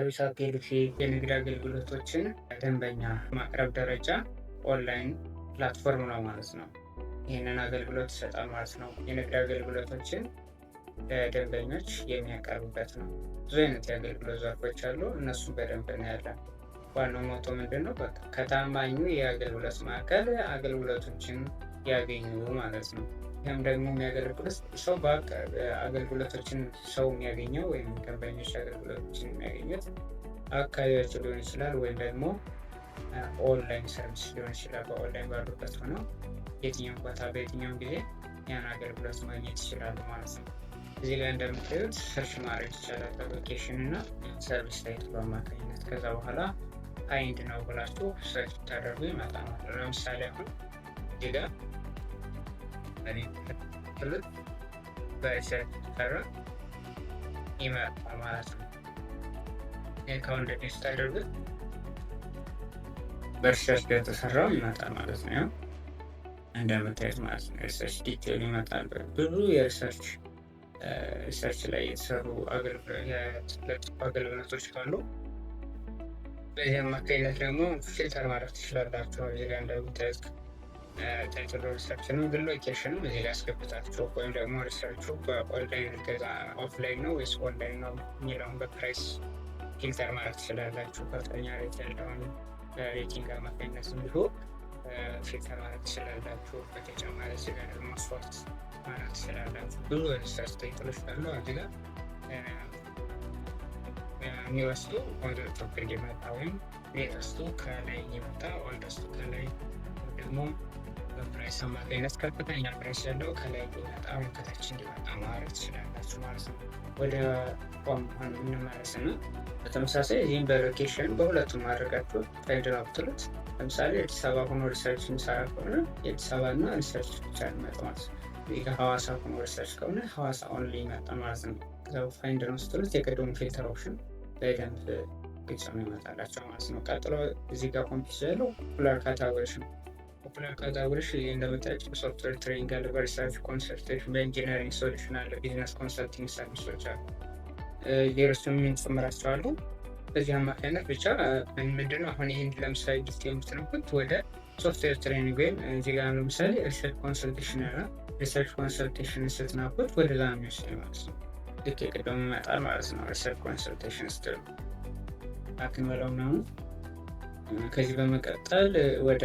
በሂሳብ ፔልሲ የንግድ አገልግሎቶችን ደንበኛ ማቅረብ ደረጃ ኦንላይን ፕላትፎርም ነው ማለት ነው። ይህንን አገልግሎት ይሰጣል ማለት ነው። የንግድ አገልግሎቶችን ለደንበኞች የሚያቀርብበት ነው። ብዙ አይነት የአገልግሎት ዘርፎች አሉ። እነሱም በደንብ እናያለን። ዋናው ሞቶ ምንድን ነው? ከታማኙ የአገልግሎት ማዕከል አገልግሎቶችን ያገኙ ማለት ነው። ይህም ደግሞ የሚያገለግሉት ሰው አገልግሎቶችን ሰው የሚያገኘው ወይም ደንበኞች አገልግሎቶችን የሚያገኙት አካባቢያቸው ሊሆን ይችላል፣ ወይም ደግሞ ኦንላይን ሰርቪስ ሊሆን ይችላል። በኦንላይን ባሉበት ሆነው የትኛውም ቦታ በየትኛውም ጊዜ ያን አገልግሎት ማግኘት ይችላሉ ማለት ነው። እዚህ ላይ እንደምታዩት ሰርች ማድረግ ይቻላል በሎኬሽን እና ሰርቪስ ላይ በአማካኝነት። ከዛ በኋላ አይንድ ነው ብላችሁ ሰርች ብታደርጉ ይመጣ ነው። ለምሳሌ አሁን እዚህ ጋር ክልል በሸር ይመጣል ማለት ነው። ይካው እንደዚህ ስታደርጉት በሪሰርች ይመጣል ማለት ነው። እንደምታዩት ማለት ነው ሪሰርች ዲቴል ይመጣል። ብዙ የሪሰርች ሪሰርች ላይ የተሰሩ አገልግሎቶች ካሉ በዚህ አማካኝነት ደግሞ ፊልተር ማድረግ ትችላላችሁ። እዚህ ጋ ታይትሎቻችንም ግን ሎኬሽንም እዚህ ያስገብታችሁ ወይም ደግሞ ሪሰርቹ በኦንላይን ገዛ ኦፍላይን ነው ወይስ ኦንላይን ነው የሚለውን በፕራይስ ፊልተር ማለት ትችላላችሁ። ከፍተኛ ሬት ያለውን ሬቲንግ አማካኝነት እንዲሁ ፊልተር ማለት ትችላላችሁ። በተጨማሪ እዚህ ጋር ደግሞ ሶርት ማለት ትችላላችሁ። ብዙ ሪሰርች ታይትሎች ካሉ እዚህ ጋር የሚወስዱ ወደ ቶፕ የመጣ ወይም ሌተስቱ ከላይ የመጣ ወልደስቱ ከላይ ደግሞ የሰማት አይነት ከፍተኛ ፕሬስ ያለው ከላይ በጣም ከታች እንዲመጣ ማድረግ ትችላላችሁ ማለት ነው። ወደ ፎም እንመለስ ነው። በተመሳሳይ ይህም በሎኬሽን በሁለቱም ማድረጋቸው ፋይንድ አውት ትሉት። ለምሳሌ የአዲስ አበባ ሆኖ ሪሰርች የሚሰራ ከሆነ የአዲስ አበባ እና ሪሰርች ብቻ ይመጣ ማለት ነው። ይህ ሀዋሳ ሆኖ ሪሰርች ከሆነ ሀዋሳ ኦንሊ ይመጣ ማለት ነው። ከዛ ፋይንደር ነው ስትሉት የቀደሙ ፊልተር ኦፕሽን በደንብ ግልጽ ነው ይመጣላቸው ማለት ነው። ቀጥሎ እዚህ ጋር ኮምፒስ ያለው ሁላር ካታጎሪሽ ነው ፖፑላር ካታጎሪዎች እንደምታያቸው ሶፍትዌር ትሬኒንግ አለ፣ በሪሰርች ኮንሰልቴሽን፣ በኢንጂነሪንግ ሶሉሽን አለ፣ ቢዝነስ ኮንሰልቲንግ ሰርቪሶች አሉ። ሌሎችም የምንጨምራቸው አሉ። በዚህ አማካኝነት ብቻ ምንድነው አሁን ይህን ለምሳሌ ጊፍት የምትነኩት ወደ ሶፍትዌር ትሬኒንግ ወይም እዚህ ጋር ለምሳሌ ሪሰርች ኮንሰልቴሽን ና ሪሰርች ኮንሰልቴሽን ስትናኩት ወደ ዛ የሚወስድ ማለት ነው። ልክ የቅድም ይመጣል ማለት ነው። ሪሰርች ኮንሰልቴሽን ስትል አክን በለው ምናምን ከዚህ በመቀጠል ወደ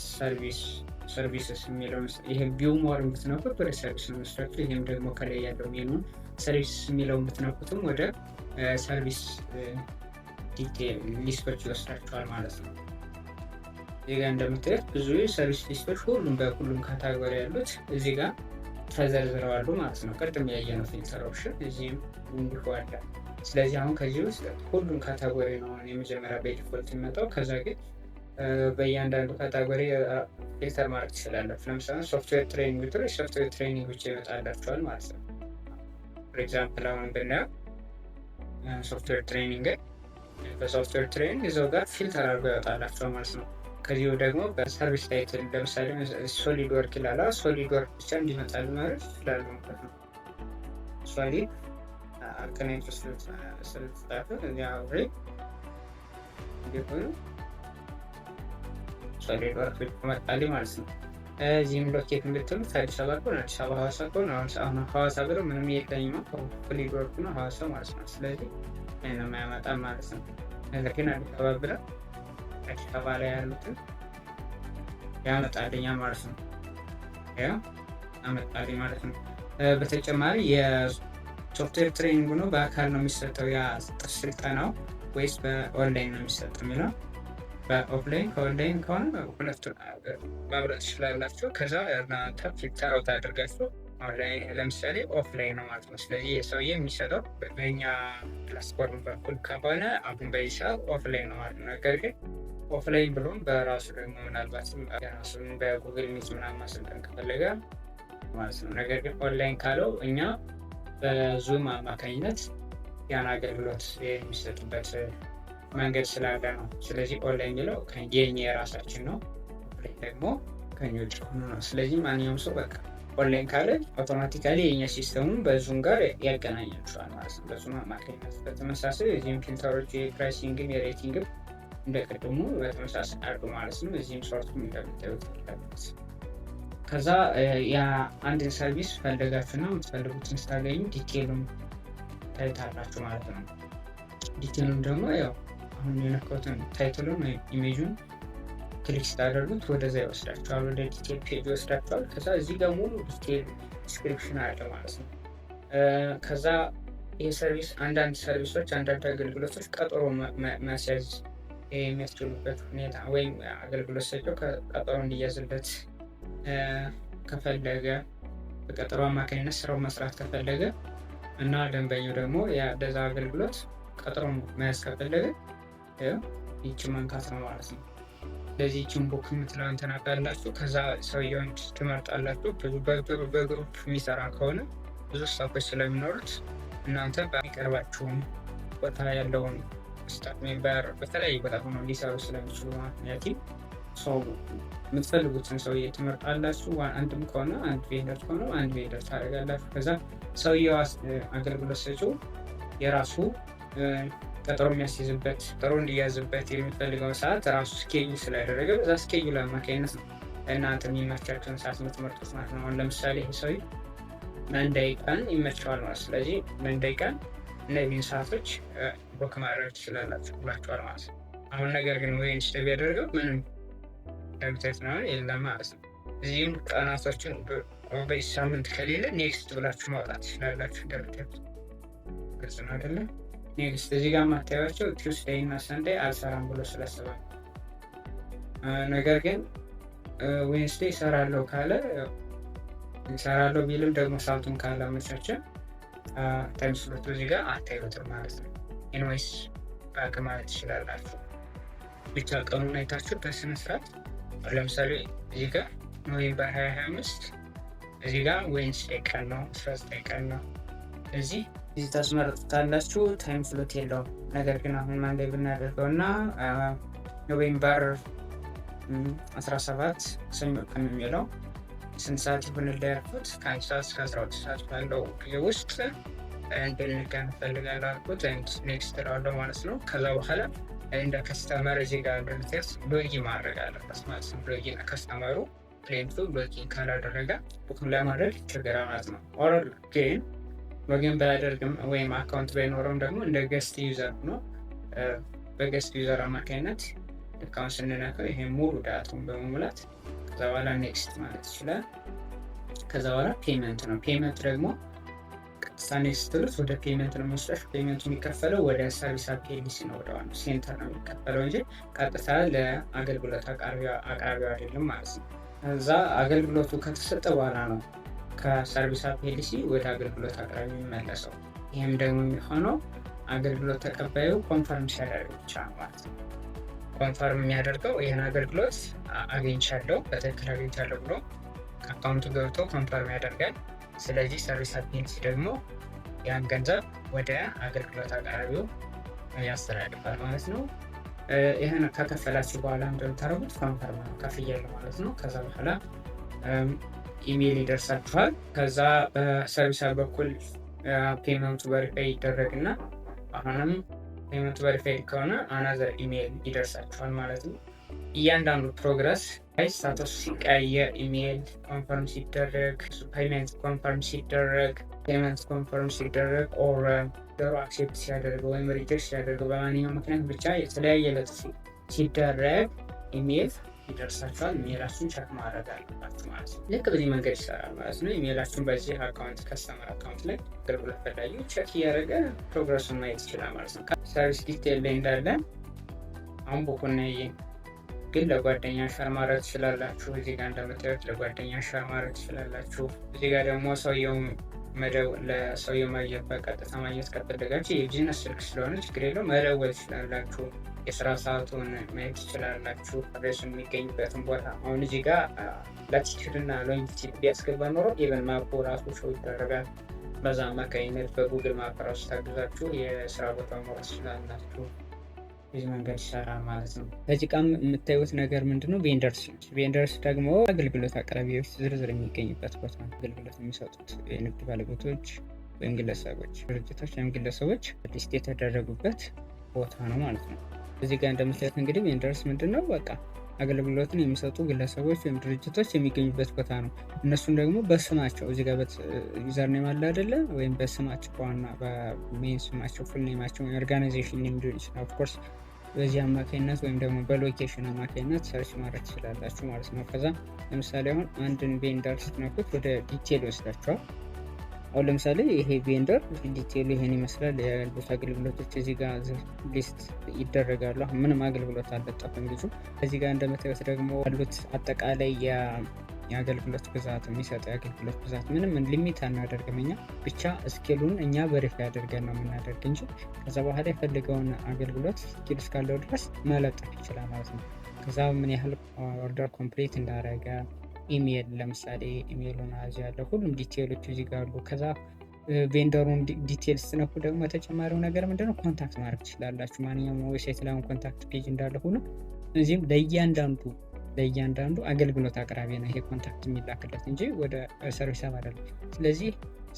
ሰርቪስ ሰርቪስስ የሚለውን ይሄ ቪው ሞር የምትነኩት ወደ ሰርቪስ ነው መስራችሁ። ይህም ደግሞ ከላይ ያለው ሜኑን ሰርቪስ የሚለው የምትነኩትም ወደ ሰርቪስ ዲቴል ሊስቶች ይወስዳችኋል ማለት ነው። እዚህ ጋር እንደምታዩት ብዙ ሰርቪስ ሊስቶች ሁሉም በሁሉም ካታጎሪ ያሉት እዚህ ጋር ተዘርዝረዋሉ ማለት ነው። ቅድም ያየነው ፊልተር ኦፕሽን እዚህም እንዲሁ አለ። ስለዚህ አሁን ከዚህ ውስጥ ሁሉም ካታጎሪ ነው የመጀመሪያ በዲፎልት የሚመጣው ከዛ ግን በእያንዳንዱ ካታጎሪ ፊልተር ማድረግ ትችላላችሁ። ለምሳሌ ሶፍትዌር ትሬኒንግ ብትሉ ሶፍትዌር ትሬኒንጎች ይመጣላችኋል ማለት ነው። ፎር ኤግዛምፕል አሁን ብናየው ሶፍትዌር ትሬኒንግ በሶፍትዌር ትሬኒንግ እዛው ጋር ፊልተር አድርጎ ያወጣላቸዋል ማለት ነው። ከዚሁ ደግሞ በሰርቪስ ታይትል ለምሳሌ ሶሊድ ወርክ ይላል። ሶሊድ ወርክ ብቻ እንዲመጣል ማድረግ ይችላሉ ማለት ነው። ሶሊድ አቀናኝቶ ስለተጻፈ ሬ እንዲሆኑ ማለት ነው። እዚህም ሎኬት የምትሉት አዲስ አበባ ከሆነ አዲስ አበባ ከሆነ አሁን ብለው ምንም የለኝም ነው ማለት ነው። ስለዚህ ምንም አያመጣም ማለት ነው። ነገር ግን አዲስ አበባ ብለው አዲስ አበባ ላይ ያሉትን ያመጣልኛ ማለት ነው። ያ አመጣልኝ ማለት ነው። በተጨማሪ የሶፍትዌር ትሬኒንግ ነው በአካል ነው የሚሰጠው ያ ስልጠናው ወይስ በኦንላይን ነው የሚሰጠው የሚለው በኦፍላይን ከኦንላይን ከሆነ ሁለቱ መምረጥ ትችላላችሁ። ከዛ እናንተ ፊልተር አውት አድርጋችሁ ኦንላይን ለምሳሌ ኦፍላይን ነው ማለት ነው። ስለዚህ የሰውዬ የሚሰጠው በኛ ፕላትፎርም በኩል ከሆነ አሁን በይሳ ኦፍላይን ነው ማለት ነው። ነገር ግን ኦፍላይን ብሎም በራሱ ደግሞ ምናልባትም ራሱን በጉግል ሚት ምናምን ማሰልጠን ከፈለገ ማለት ነው። ነገር ግን ኦንላይን ካለው እኛ በዙም አማካኝነት ያን አገልግሎት የሚሰጡበት መንገድ ስላለ ነው። ስለዚህ ኦንላይን የሚለው የኛ የራሳችን ነው፣ ኦፍላይን ደግሞ ከኛ ውጭ ነው። ስለዚህ ማንኛውም ሰው በቃ ኦንላይን ካለ አውቶማቲካሊ የኛ ሲስተሙ በዙም ጋር ያገናኛቸዋል ማለት ነው። በዙም አማካኝነት በተመሳሳይ እዚህም ፊልተሮች የፕራይሲንግም የሬቲንግም እንደቀድሞ በተመሳሳይ አርግ ማለት ነው። እዚህም ሶርቱም እንደምታዩት ያለበት ከዛ የአንድን ሰርቪስ ፈልጋችሁና የምትፈልጉትን ስታገኙ ዲቴሉም ታይታላችሁ ማለት ነው። ዲቴሉም ደግሞ ያው አሁን የነካሁትን ታይትሉን ኢሜጁን ክሊክ ስታደርጉት ወደዛ ይወስዳቸዋል። ወደ ዲቴል ፔጅ ይወስዳቸዋል። ከዛ እዚህ ጋር ሙሉ ዲቴል ዲስክሪፕሽን አለ ማለት ነው። ከዛ ይሄ ሰርቪስ አንዳንድ ሰርቪሶች አንዳንድ አገልግሎቶች ቀጠሮ መስያዝ የሚያስችሉበት ሁኔታ ወይም አገልግሎት ሰጪው ቀጠሮ እንዲያዝበት ከፈለገ በቀጠሮ አማካኝነት ስራው መስራት ከፈለገ እና ደንበኛው ደግሞ ደዛ አገልግሎት ቀጠሮ መያዝ ከፈለገ ይች መንካት ነው ማለት ነው። ስለዚህ ይችን ቦክ የምትለውን ትናካላችሁ። ከዛ ሰውየውን ትመርጣላችሁ። ብዙ በግሩፕ የሚሰራ ከሆነ ብዙ ስታፎች ስለሚኖሩት እናንተ በሚቀርባችሁም ቦታ ያለውን ስታፍ ሜምበር በተለያየ ቦታ ሆኖ ሊሰሩ ስለሚችሉ ምክንያት ሰው የምትፈልጉትን ሰውዬ ትመርጣላችሁ። አንድም ከሆነ አንድ ቬንደር ከሆነ አንድ ቬንደር ታደርጋላችሁ። ከዛ ሰውየው አገልግሎት ሰጪው የራሱ ቀጠሮ የሚያስይዝበት ቀጠሮ እንዲያዝበት የሚፈልገው ሰዓት ራሱ ስኬጁል ስላደረገ በዛ ስኬጁል አማካኝነት ነው እናንተ የሚመቻቸውን ሰዓት የምትመርጡት ማለት ነው። አሁን ለምሳሌ ይህ ሰው መንዳይ ቀን ይመቸዋል ማለት ስለዚህ መንዳይ ቀን እነዚህን ሰዓቶች ቦክ ማድረግ ትችላላችሁ ብላችኋል ማለት ነው። አሁን ነገር ግን ወይ ንስደ ቢያደርገው ምንም ደብተት ነው የለም ማለት ነው። እዚህም ቀናቶችን ሳምንት ከሌለ ኔክስት ብላችሁ ማውጣት ትችላላችሁ። ደብተት ግልጽ ነው አይደለም? ኔክስት እዚህ ጋር የማታያቸው ቲውስዴይ እና ሰንዴይ አልሰራም ብሎ ስለሰበ ነገር ግን ዌንስዴይ ይሰራለው ካለ ይሰራለው ቢልም ደግሞ ሳምቱን ካለ መቻችን ስሎቱ እዚህ ጋር አታዩትም ማለት ነው። ኢንዌይስ ባክ ማለት ትችላላችሁ። ብቻ ቀኑን አይታችሁ በስነ ስርዓት ለምሳሌ እዚህ ጋር ኖቬምበር 25 እዚህ ጋር ዌንስዴይ ቀን ነው 19 ቀን ነው እዚህ እዚህ ታስመርጡታላችሁ። ታይም ፍሎት የለውም። ነገር ግን አሁን ማን ላይ ብናደርገው እና ኖቬምበር 17 ሰኞ ቀን የሚለው ስንት ሰዓት ይሆንልህ ያልኩት ከአንድ ሰዓት እስከ 12 ሰዓት ባለው ጊዜ ውስጥ እንድንገናኝ እፈልጋለሁ አልኩት። ኔክስት እለዋለሁ ማለት ነው። ከዛ በኋላ እንደ ከስተመር እዚህ ጋር እንደምትያዝ ሎጊ ማድረግ አለበት ማለት ነው። ሎጊ እና ከስተመሩ ክሌንቱ ሎጊ ካላደረገ ቡክም ለማድረግ ችግር ማለት ነው ኦረል ግን ሎጊን ባያደርግም ወይም አካውንት ባይኖረውም ደግሞ እንደ ገስት ዩዘር ሆኖ በገስት ዩዘር አማካኝነት ልካውን ስንነካው ይሄ ሙሉ ዳቱን በመሙላት ከዛ በኋላ ኔክስት ማለት ይችላል። ከዛ በኋላ ፔመንት ነው። ፔመንት ደግሞ ቀጥታ ኔክስት ስትሉት ወደ ፔመንት ነው መስጠት። ፔመንቱ የሚከፈለው ወደ ሰርቪስ አፔሊሲ ነው፣ ወደ ዋናው ሴንተር ነው የሚከፈለው እንጂ ቀጥታ ለአገልግሎት አቅራቢው አይደለም ማለት ነው። እዛ አገልግሎቱ ከተሰጠ በኋላ ነው ከሰርቪስ አፕ ወደ አገልግሎት አቅራቢ የሚመለሰው። ይህም ደግሞ የሚሆነው አገልግሎት ተቀባዩ ኮንፈርም ሲያደርግ ብቻ ነው ማለት ነው። ኮንፈርም የሚያደርገው ይህን አገልግሎት አግኝቻለሁ፣ በትክክል አግኝቻለሁ ብሎ ከአካውንቱ ገብቶ ኮንፈርም ያደርጋል። ስለዚህ ሰርቪስ አፕ ደግሞ ያን ገንዘብ ወደ አገልግሎት አቅራቢው ያስተላልፋል ማለት ነው። ይህን ከከፈላችሁ በኋላ እንደምታደርጉት ኮንፈርም ነው ከፍያለሁ ማለት ነው። ከዛ በኋላ ኢሜይል ይደርሳችኋል። ከዛ በሰርቪሳል በኩል ፔመንቱ ቨሪፋይ ይደረግና አሁንም ፔመንቱ ቨሪፋይ ከሆነ አናዘር ኢሜይል ይደርሳችኋል ማለት ነው። እያንዳንዱ ፕሮግረስ ላይ ስታተሱ ሲቀያየር ኢሜይል ኮንፈርም ሲደረግ፣ ፔመንት ኮንፈርም ሲደረግ፣ ፔመንት ኮንፈርም ሲደረግ ኦር ደሮ አክሴፕት ሲያደርገው ወይም ሪጀክት ሲያደርገው በማንኛው ምክንያት ብቻ የተለያየ ለጥ ሲደረግ ኢሜይል ይደርሳቸዋል። ሜላችሁን ቸክ ማድረግ አለባችሁ ማለት ነው። ልክ በዚህ መንገድ ይሰራል ማለት ነው። ኢሜላችሁን በዚህ አካውንት ከስተመር አካውንት ላይ አገልግሎት ፈላጊው ቸክ እያደረገ ፕሮግረሱን ማየት ይችላል ማለት ነው። ሰርቪስ ዲቴል ላይ እንዳለ አሁን በኮነ ግን ለጓደኛ ሸር ማድረግ ትችላላችሁ። እዚህ ጋር እንደምታዩት ለጓደኛ ሸር ማድረግ ትችላላችሁ። እዚህ ጋር ደግሞ ሰውየውም መደው ለሰውየው ማግኘት በቀጥታ ማግኘት ከተደጋችሁ የቢዝነስ ስልክ ስለሆነ ችግር የለው መደወል ትችላላችሁ። የስራ ሰዓቱን ማየት ትችላላችሁ። ሬሱ የሚገኝበትን ቦታ አሁን እዚህ ጋር ላቲቲዩድ እና ሎንጊቲዩድ ቢያስገባ ኖሮ ኢቨን ማፖ ራሱ ሾው ይደረጋል። በዛ አማካኝነት በጉግል ማፕ ራሱ ታግዛችሁ የስራ ቦታ መሮ ትችላላችሁ። ብዙ መንገድ ይሰራል ማለት ነው። በጭቃም የምታዩት ነገር ምንድነው? ቬንደርስ ነች። ቬንደርስ ደግሞ አገልግሎት አቅራቢዎች ዝርዝር የሚገኝበት ቦታ ነው። አገልግሎት የሚሰጡት የንግድ ባለቤቶች ወይም ግለሰቦች፣ ድርጅቶች ወይም ግለሰቦች ሊስት የተደረጉበት ቦታ ነው ማለት ነው። እዚህ ጋር እንደምታዩት እንግዲህ ቬንደርስ ምንድነው በቃ አገልግሎትን የሚሰጡ ግለሰቦች ወይም ድርጅቶች የሚገኙበት ቦታ ነው። እነሱን ደግሞ በስማቸው እዚህ ጋር ዩዘር ኔም አለ አይደለ? ወይም በስማቸው በዋና በሜን ስማቸው ፉል ኔማቸው ወይም ኦርጋናይዜሽን ኔም ሊሆን ይችላል። ኦፍኮርስ በዚህ አማካኝነት ወይም ደግሞ በሎኬሽን አማካኝነት ሰርች ማድረግ ትችላላችሁ ማለት ነው። ከዛ ለምሳሌ አሁን አንድን ቬንደር ስትነኩት ወደ ዲቴል ይወስዳቸዋል። አሁን ለምሳሌ ይሄ ቬንደር ዲቴሉ ይሄን ይመስላል። ያሉት አገልግሎቶች እዚህ ጋር ሊስት ይደረጋሉ። ምንም አገልግሎት አልለጠፈም ብዙ። እዚህ ጋር እንደምታዩት ደግሞ ያሉት አጠቃላይ የአገልግሎት ብዛት የሚሰጠ የአገልግሎት ብዛት ምንም ሊሚት አናደርግም እኛ ብቻ እስኪሉን እኛ በሪፍ ያደርገን ነው የምናደርግ እንጂ ከዛ በኋላ የፈልገውን አገልግሎት ስኪል እስካለው ድረስ መለጠፍ ይችላል ማለት ነው። ከዛ ምን ያህል ኦርደር ኮምፕሊት እንዳረገ ኢሜል ለምሳሌ ኢሜሉን ያለ ሁሉም ዲቴሎች እዚህ ጋር አሉ። ከዛ ቬንደሩን ዲቴል ስትነኩ ደግሞ ተጨማሪው ነገር ምንድነው ኮንታክት ማድረግ ትችላላችሁ። ማንኛውም ዌብሳይት ላይ ኮንታክት ፔጅ እንዳለ ሆኖ እዚህም ለእያንዳንዱ ለእያንዳንዱ አገልግሎት አቅራቢ ነው ይሄ ኮንታክት የሚላክለት እንጂ ወደ ሰርቪስ አይደለም። ስለዚህ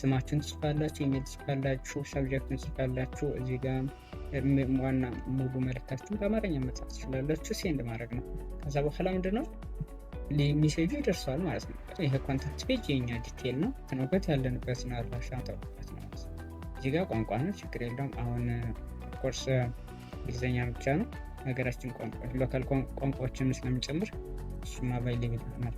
ስማችሁን ትጽፋላችሁ፣ ኢሜል ትጽፋላችሁ፣ ሰብጀክቱን ትጽፋላችሁ። እዚህ ጋር ዋና ሙሉ መልእክታችሁን በአማርኛ መጻፍ ትችላላችሁ። ሴንድ ማድረግ ነው። ከዛ በኋላ ምንድነው ሚሴጁ ይደርሷል ማለት ነው። ይሄ ኮንታክት ፔጅ የኛ ዲቴል ነው። ከነበት ያለንበትን አድራሻ ጠቁበት ነው። እዚህ ጋር ቋንቋ ነው፣ ችግር የለውም። አሁን ኮርስ እንግሊዝኛ ብቻ ነው ሀገራችን ቋንቋ ሎካል ቋንቋዎችን ስለሚጨምር እሱማ ባይ ሊሚት ነው።